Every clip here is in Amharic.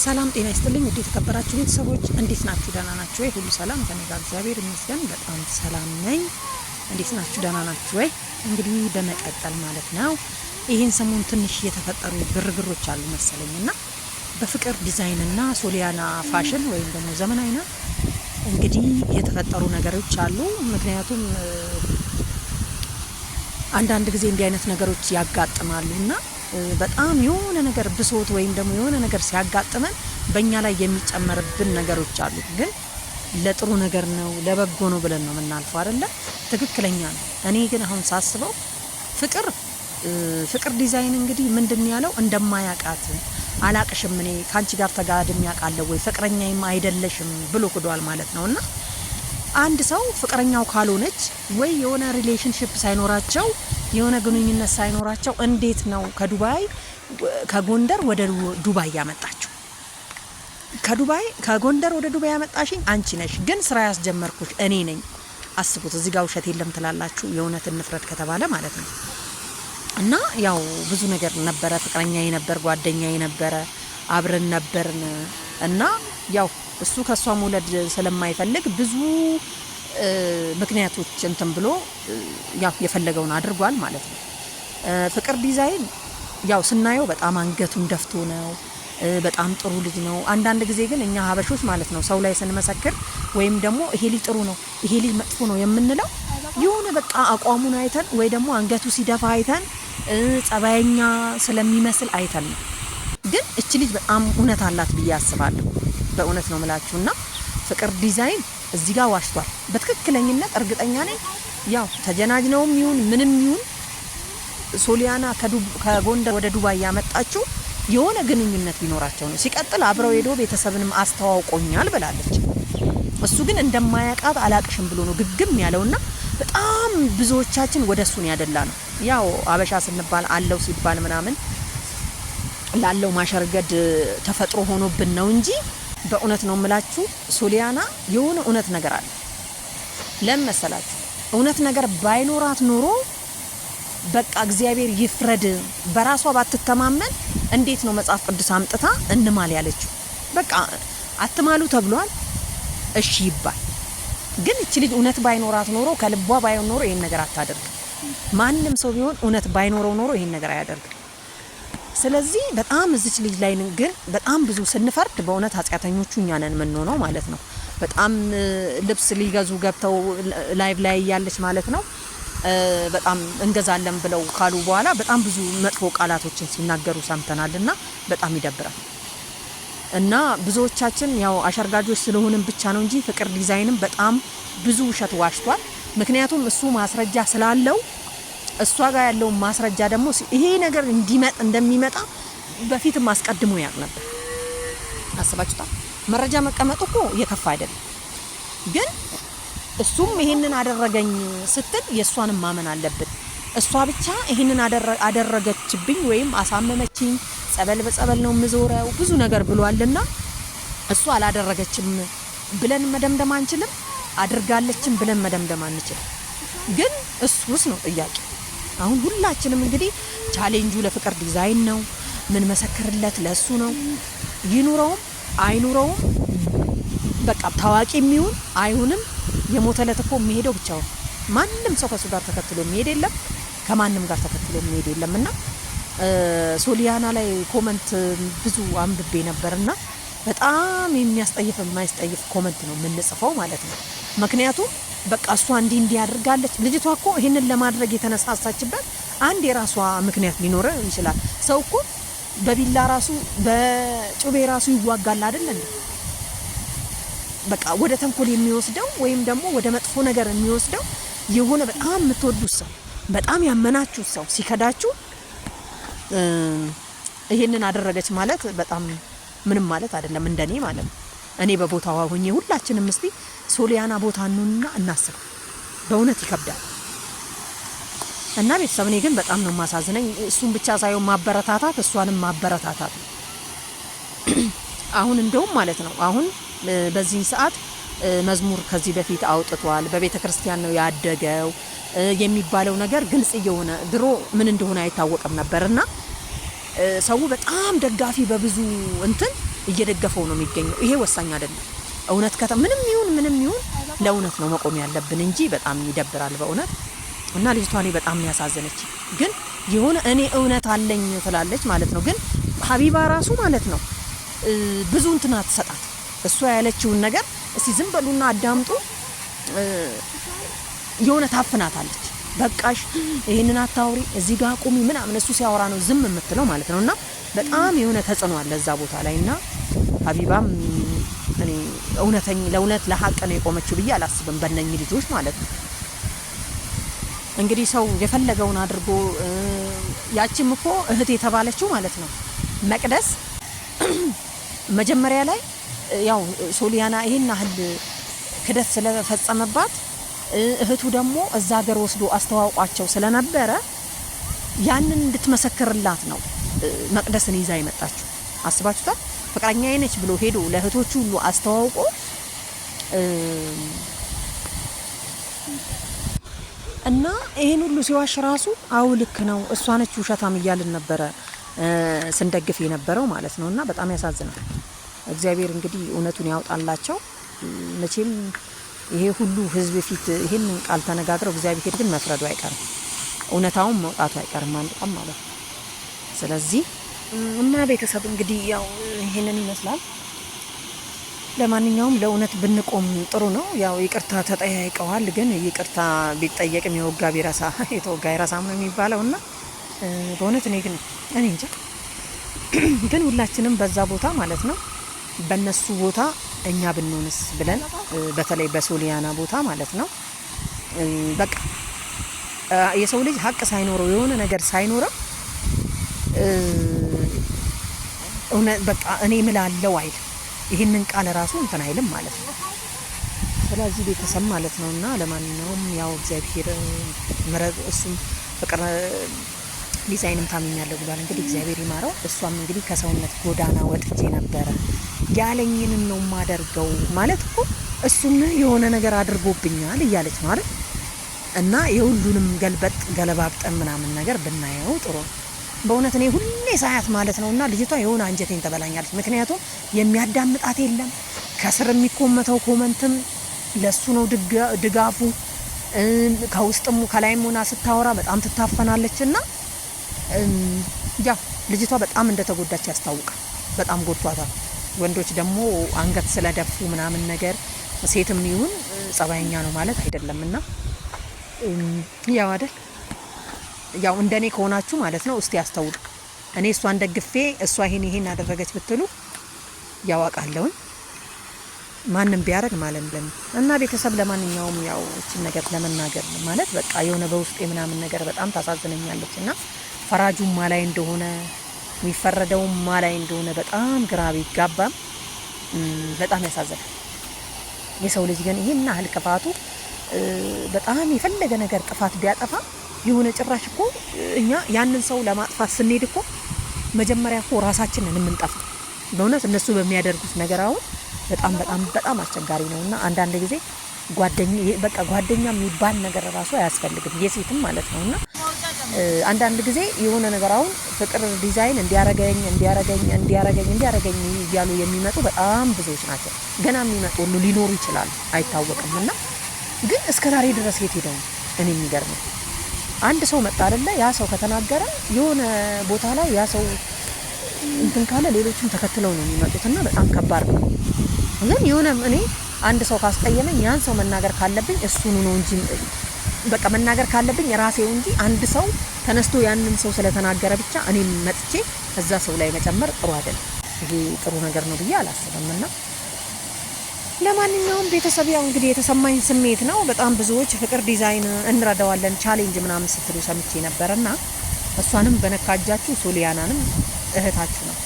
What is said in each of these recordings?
ሰላም ጤና ይስጥልኝ። ውድ የተከበራችሁ ቤተሰቦች እንዴት ናችሁ? ደህና ናችሁ ወይ? ሁሉ ሰላም ከኔ ጋር እግዚአብሔር ይመስገን በጣም ሰላም ነኝ። እንዴት ናችሁ? ደህና ናችሁ ወይ? እንግዲህ በመቀጠል ማለት ነው ይህን ሰሞን ትንሽ የተፈጠሩ ግርግሮች አሉ መሰለኝ እና በፍቅር ዲዛይንና ሶሊያና ፋሽን ወይም ደግሞ ዘመናዊ ና እንግዲህ የተፈጠሩ ነገሮች አሉ። ምክንያቱም አንዳንድ ጊዜ እንዲህ አይነት ነገሮች ያጋጥማሉ እና በጣም የሆነ ነገር ብሶት ወይም ደግሞ የሆነ ነገር ሲያጋጥመን በእኛ ላይ የሚጨመርብን ነገሮች አሉ። ግን ለጥሩ ነገር ነው ለበጎ ነው ብለን ነው የምናልፈው አይደለ? ትክክለኛ ነው። እኔ ግን አሁን ሳስበው ፍቅር ፍቅር ዲዛይን እንግዲህ ምንድን ያለው እንደማያቃት አላቅሽም፣ እኔ ከአንቺ ጋር ተጋድም ያውቃለሁ ወይ ፍቅረኛይም አይደለሽም ብሎ ክዷል ማለት ነው እና አንድ ሰው ፍቅረኛው ካልሆነች ወይ የሆነ ሪሌሽንሽፕ ሳይኖራቸው የሆነ ግንኙነት ሳይኖራቸው እንዴት ነው ከዱባይ ከጎንደር ወደ ዱባይ ያመጣችሁ? ከዱባይ ከጎንደር ወደ ዱባይ ያመጣሽኝ አንቺ ነሽ፣ ግን ስራ ያስጀመርኩሽ እኔ ነኝ። አስቡት። እዚህ ጋር ውሸት የለም ትላላችሁ፣ የእውነት እንፍረድ ከተባለ ማለት ነው። እና ያው ብዙ ነገር ነበረ፣ ፍቅረኛ ነበር፣ ጓደኛ ነበረ፣ አብረን ነበርን እና ያው እሱ ከእሷ መውለድ ስለማይፈልግ ብዙ ምክንያቶች እንትን ብሎ ያው የፈለገውን አድርጓል ማለት ነው። ፍቅር ዲዛይን ያው ስናየው በጣም አንገቱን ደፍቶ ነው። በጣም ጥሩ ልጅ ነው። አንዳንድ ጊዜ ግን እኛ ሀበሾች ማለት ነው ሰው ላይ ስንመሰክር ወይም ደግሞ ይሄ ልጅ ጥሩ ነው፣ ይሄ ልጅ መጥፎ ነው የምንለው የሆነ በቃ አቋሙን አይተን ወይ ደግሞ አንገቱ ሲደፋ አይተን ጸባየኛ ስለሚመስል አይተን ነው። ግን እች ልጅ በጣም እውነት አላት ብዬ አስባለሁ። በእውነት ነው ምላችሁ እና ፍቅር ዲዛይን እዚህ ጋር ዋሽቷል። በትክክለኝነት እርግጠኛ ነኝ። ያው ተጀናጅነውም ይሁን ምንም ይሁን ሶሊያና ከጎንደር ወደ ዱባይ ያመጣችው የሆነ ግንኙነት ቢኖራቸው ነው። ሲቀጥል አብረው ሄዶ ቤተሰብንም አስተዋውቆኛል ብላለች። እሱ ግን እንደማያውቃት አላቅሽም ብሎ ነው ግግም ያለውና በጣም ብዙዎቻችን ወደ እሱን ያደላ ነው። ያው አበሻ ስንባል አለው ሲባል ምናምን ላለው ማሸርገድ ተፈጥሮ ሆኖብን ነው እንጂ በእውነት ነው የምላችሁ ሶሊያና የሆነ እውነት ነገር አለ። ለምን መሰላችሁ? እውነት ነገር ባይኖራት ኖሮ በቃ እግዚአብሔር ይፍረድ፣ በራሷ ባትተማመን እንዴት ነው መጽሐፍ ቅዱስ አምጥታ እንማል ያለችው? በቃ አትማሉ ተብሏል፣ እሺ ይባል። ግን እቺ ልጅ እውነት ባይኖራት ኖሮ ከልቧ ባይሆን ኖሮ ይህን ነገር አታደርግ። ማንም ሰው ቢሆን እውነት ባይኖረው ኖሮ ይህን ነገር አያደርግም። ስለዚህ በጣም እዚች ልጅ ላይ ግን በጣም ብዙ ስንፈርድ በእውነት ኃጢአተኞቹ እኛ ነን የምንሆነው ማለት ነው። በጣም ልብስ ሊገዙ ገብተው ላይቭ ላይ እያለች ማለት ነው በጣም እንገዛለን ብለው ካሉ በኋላ በጣም ብዙ መጥፎ ቃላቶችን ሲናገሩ ሰምተናል እና በጣም ይደብራል። እና ብዙዎቻችን ያው አሸርጋጆች ስለሆንም ብቻ ነው እንጂ ፍቅር ዲዛይንም በጣም ብዙ ውሸት ዋሽቷል። ምክንያቱም እሱ ማስረጃ ስላለው እሷ ጋር ያለውን ማስረጃ ደግሞ ይሄ ነገር እንዲመጥ እንደሚመጣ በፊትም አስቀድሞ ያቅ ነበር። አስባችሁታል? መረጃ መቀመጡ እኮ እየከፋ አይደለም፣ ግን እሱም ይሄንን አደረገኝ ስትል የእሷንም ማመን አለብን። እሷ ብቻ ይህንን አደረገችብኝ ወይም አሳመመችኝ፣ ጸበል በጸበል ነው የምዞረው ብዙ ነገር ብሏልና እሷ አላደረገችም ብለን መደምደም አንችልም። አድርጋለችም ብለን መደምደም አንችልም። ግን እሱስ ነው ጥያቄ። አሁን ሁላችንም እንግዲህ ቻሌንጁ ለፍቅር ዲዛይን ነው። ምን መሰክርለት ለሱ ነው። ይኑረውም አይኑረውም በቃ ታዋቂ የሚሆን አይሁንም፣ የሞተለት እኮ የሚሄደው ብቻው ማንም ሰው ከሱ ጋር ተከትሎ የሚሄድ የለም፣ ከማንም ጋር ተከትሎ የሚሄድ የለም። እና ሶሊያና ላይ ኮመንት ብዙ አንብቤ ነበር እና በጣም የሚያስጠይፍ የማያስጠይፍ ኮመንት ነው የምንጽፈው ማለት ነው። ምክንያቱም በቃ እሷ እንዲህ እንዲህ አድርጋለች ልጅቷ እኮ ይህንን ለማድረግ የተነሳሳችበት አንድ የራሷ ምክንያት ሊኖረ ይችላል። ሰው እኮ በቢላ ራሱ በጩቤ ራሱ ይዋጋል አይደል እንዴ? በቃ ወደ ተንኮል የሚወስደው ወይም ደግሞ ወደ መጥፎ ነገር የሚወስደው የሆነ በጣም የምትወዱት ሰው በጣም ያመናችሁት ሰው ሲከዳችሁ ይህንን አደረገች ማለት በጣም ምንም ማለት አይደለም፣ እንደኔ ማለት ነው። እኔ በቦታዋ ሆኜ ሁላችንም እስቲ ሶሊያና ቦታ ኑና እናስብ። በእውነት ይከብዳል። እና ቤተሰብ እኔ ግን በጣም ነው ማሳዝነኝ። እሱን ብቻ ሳይሆን ማበረታታት፣ እሷንም ማበረታታት ነው። አሁን እንደውም ማለት ነው አሁን በዚህ ሰዓት መዝሙር ከዚህ በፊት አውጥቷል። በቤተ ክርስቲያን ነው ያደገው የሚባለው ነገር ግልጽ እየሆነ ድሮ ምን እንደሆነ አይታወቅም ነበርና ሰው በጣም ደጋፊ በብዙ እንትን እየደገፈው ነው የሚገኘው። ይሄ ወሳኝ አይደለም። እውነት ከተ ምንም ይሁን ምንም ይሁን ለእውነት ነው መቆም ያለብን እንጂ በጣም ይደብራል በእውነት እና ልጅቷ እኔ በጣም ያሳዘነች ግን የሆነ እኔ እውነት አለኝ ትላለች ማለት ነው። ግን ሀቢባ ራሱ ማለት ነው ብዙ እንትን አትሰጣት። እሷ ያለችውን ነገር እስቲ ዝም በሉና አዳምጡ። የሆነ ታፍናታለች በቃሽ፣ ይህንን አታውሪ፣ እዚህ ጋር ቁሚ ምናምን እሱ ሲያወራ ነው ዝም የምትለው ማለት ነው። እና በጣም የሆነ ተጽዕኖ አለ እዛ ቦታ ላይ እና ሀቢባም እኔ እውነተኝ ለእውነት ለሀቅ ነው የቆመችው ብዬ አላስብም፣ በእነኚህ ልጆች ማለት ነው። እንግዲህ ሰው የፈለገውን አድርጎ ያችም እኮ እህት የተባለችው ማለት ነው መቅደስ መጀመሪያ ላይ ያው ሶሊያና ይሄን ያህል ክደት ስለፈጸመባት እህቱ ደግሞ እዛ ሀገር ወስዶ አስተዋውቋቸው ስለነበረ ያንን እንድትመሰክርላት ነው መቅደስን ይዛ የመጣችሁ። አስባችሁታል? ፍቅረኛ አይነች ብሎ ሄዶ ለእህቶቹ ሁሉ አስተዋውቆ እና ይህን ሁሉ ሲዋሽ ራሱ አው ልክ ነው እሷ ነች ውሸታም እያልን ነበረ ስንደግፍ የነበረው ማለት ነው። እና በጣም ያሳዝናል። እግዚአብሔር እንግዲህ እውነቱን ያውጣላቸው መቼም ይሄ ሁሉ ህዝብ ፊት ይህንን ቃል ተነጋግረው እግዚአብሔር ግን መፍረዱ አይቀርም፣ እውነታውን መውጣቱ አይቀርም አንድ ቀን ማለት ነው። ስለዚህ እና ቤተሰብ እንግዲህ ያው ይህንን ይመስላል። ለማንኛውም ለእውነት ብንቆም ጥሩ ነው። ያው ይቅርታ ተጠያይቀዋል፣ ግን ይቅርታ ቢጠየቅም የወጋ ቢረሳ የተወጋ አይረሳም ነው የሚባለው እና በእውነት እኔ ግን እኔ እንጃ ግን ሁላችንም በዛ ቦታ ማለት ነው በእነሱ ቦታ እኛ ብንሆንስ ብለን በተለይ በሶሊያና ቦታ ማለት ነው። በቃ የሰው ልጅ ሀቅ ሳይኖረው የሆነ ነገር ሳይኖረው በቃ እኔ ምላለው አይል ይህንን ቃል ራሱ እንትን አይልም ማለት ነው። ስለዚህ ቤተሰብ ማለት ነው እና ለማንኛውም ያው እግዚአብሔር ምረጥ እሱም ፍቅር ዲዛይንም ታምኛለሁ ብሏል። እንግዲህ እግዚአብሔር ይማረው። እሷም እንግዲህ ከሰውነት ጎዳና ወጥቼ ነበረ ያለኝንም ነው የማደርገው ማለት እኮ እሱም የሆነ ነገር አድርጎብኛል እያለች ነው አይደል? እና የሁሉንም ገልበጥ ገለባብጠን ምናምን ነገር ብናየው ጥሩ ነው በእውነት እኔ ሁሌ ሳያት ማለት ነው። እና ልጅቷ የሆነ አንጀቴን ተበላኛለች። ምክንያቱም የሚያዳምጣት የለም ከስር የሚኮመተው ኮመንትም ለሱ ነው ድጋፉ። ከውስጥም ከላይም ሆና ስታወራ በጣም ትታፈናለች። እና ያ ልጅቷ በጣም እንደተጎዳች ያስታውቃል። በጣም ጎድቷታል። ወንዶች ደግሞ አንገት ስለደፉ ምናምን ነገር ሴትም ይሁን ጸባይኛ ነው ማለት አይደለም። እና ያው አይደል ያው እንደኔ ከሆናችሁ ማለት ነው እስቲ ያስተውሉ። እኔ እሷን ደግፌ እሷ ይሄን ይሄን አደረገች ብትሉ ያዋቃለውን ማንም ቢያደርግ ማለት ነው። እና ቤተሰብ ለማንኛውም ያው እችን ነገር ለመናገር ማለት በቃ የሆነ በውስጤ ምናምን ነገር በጣም ታሳዝነኛለች እና ፈራጁማ ላይ እንደሆነ የሚፈረደው ማ ላይ እንደሆነ በጣም ግራ ቢጋባም በጣም ያሳዝናል። የሰው ልጅ ግን ይህን ያህል ክፋቱ በጣም የፈለገ ነገር ጥፋት ቢያጠፋ የሆነ ጭራሽ እኮ እኛ ያንን ሰው ለማጥፋት ስንሄድ እኮ መጀመሪያ እኮ ራሳችንን የምንጠፋ በእውነት እነሱ በሚያደርጉት ነገር አሁን በጣም በጣም በጣም አስቸጋሪ ነው እና አንዳንድ ጊዜ ጓደኛ በቃ ጓደኛ የሚባል ነገር ራሱ አያስፈልግም የሴትም ማለት ነው እና አንዳንድ ጊዜ የሆነ ነገር አሁን ፍቅር ዲዛይን እንዲያረገኝ እንዲያረገኝ እንዲያረገኝ እንዲያረገኝ እያሉ የሚመጡ በጣም ብዙዎች ናቸው። ገና የሚመጡ ሁሉ ሊኖሩ ይችላሉ፣ አይታወቅም። እና ግን እስከ ዛሬ ድረስ የት ሄደው እኔ የሚገርመው አንድ ሰው መጣ አደለ? ያ ሰው ከተናገረ የሆነ ቦታ ላይ ያ ሰው እንትን ካለ ሌሎችም ተከትለው ነው የሚመጡት እና በጣም ከባድ ነው። ግን የሆነም እኔ አንድ ሰው ካስቀየመኝ ያን ሰው መናገር ካለብኝ እሱኑ ነው እንጂ በቃ መናገር ካለብኝ ራሴው እንጂ አንድ ሰው ተነስቶ ያንን ሰው ስለተናገረ ብቻ እኔም መጥቼ እዛ ሰው ላይ መጨመር ጥሩ አይደለም። ይሄ ጥሩ ነገር ነው ብዬ አላስብም። እና ለማንኛውም ቤተሰብ ያው እንግዲህ የተሰማኝ ስሜት ነው። በጣም ብዙዎች ፍቅር ዲዛይን እንረዳዋለን ቻሌንጅ ምናምን ስትሉ ሰምቼ ነበር እና እሷንም በነካጃችሁ ሶሊያናንም እህታችሁ ነው።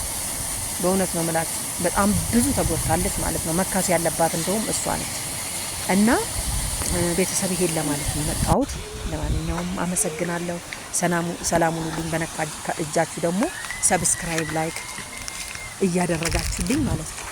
በእውነት ነው ምላችሁ በጣም ብዙ ተጎድታለች ማለት ነው። መካስ ያለባት እንደውም እሷ ነች እና ቤተሰብ ይሄን ለማለት ነው የመጣሁት። ለማንኛውም አመሰግናለሁ። ሰላሙን ሁሉም በነካ እጃችሁ ደግሞ ሰብስክራይብ፣ ላይክ እያደረጋችሁልኝ ማለት ነው።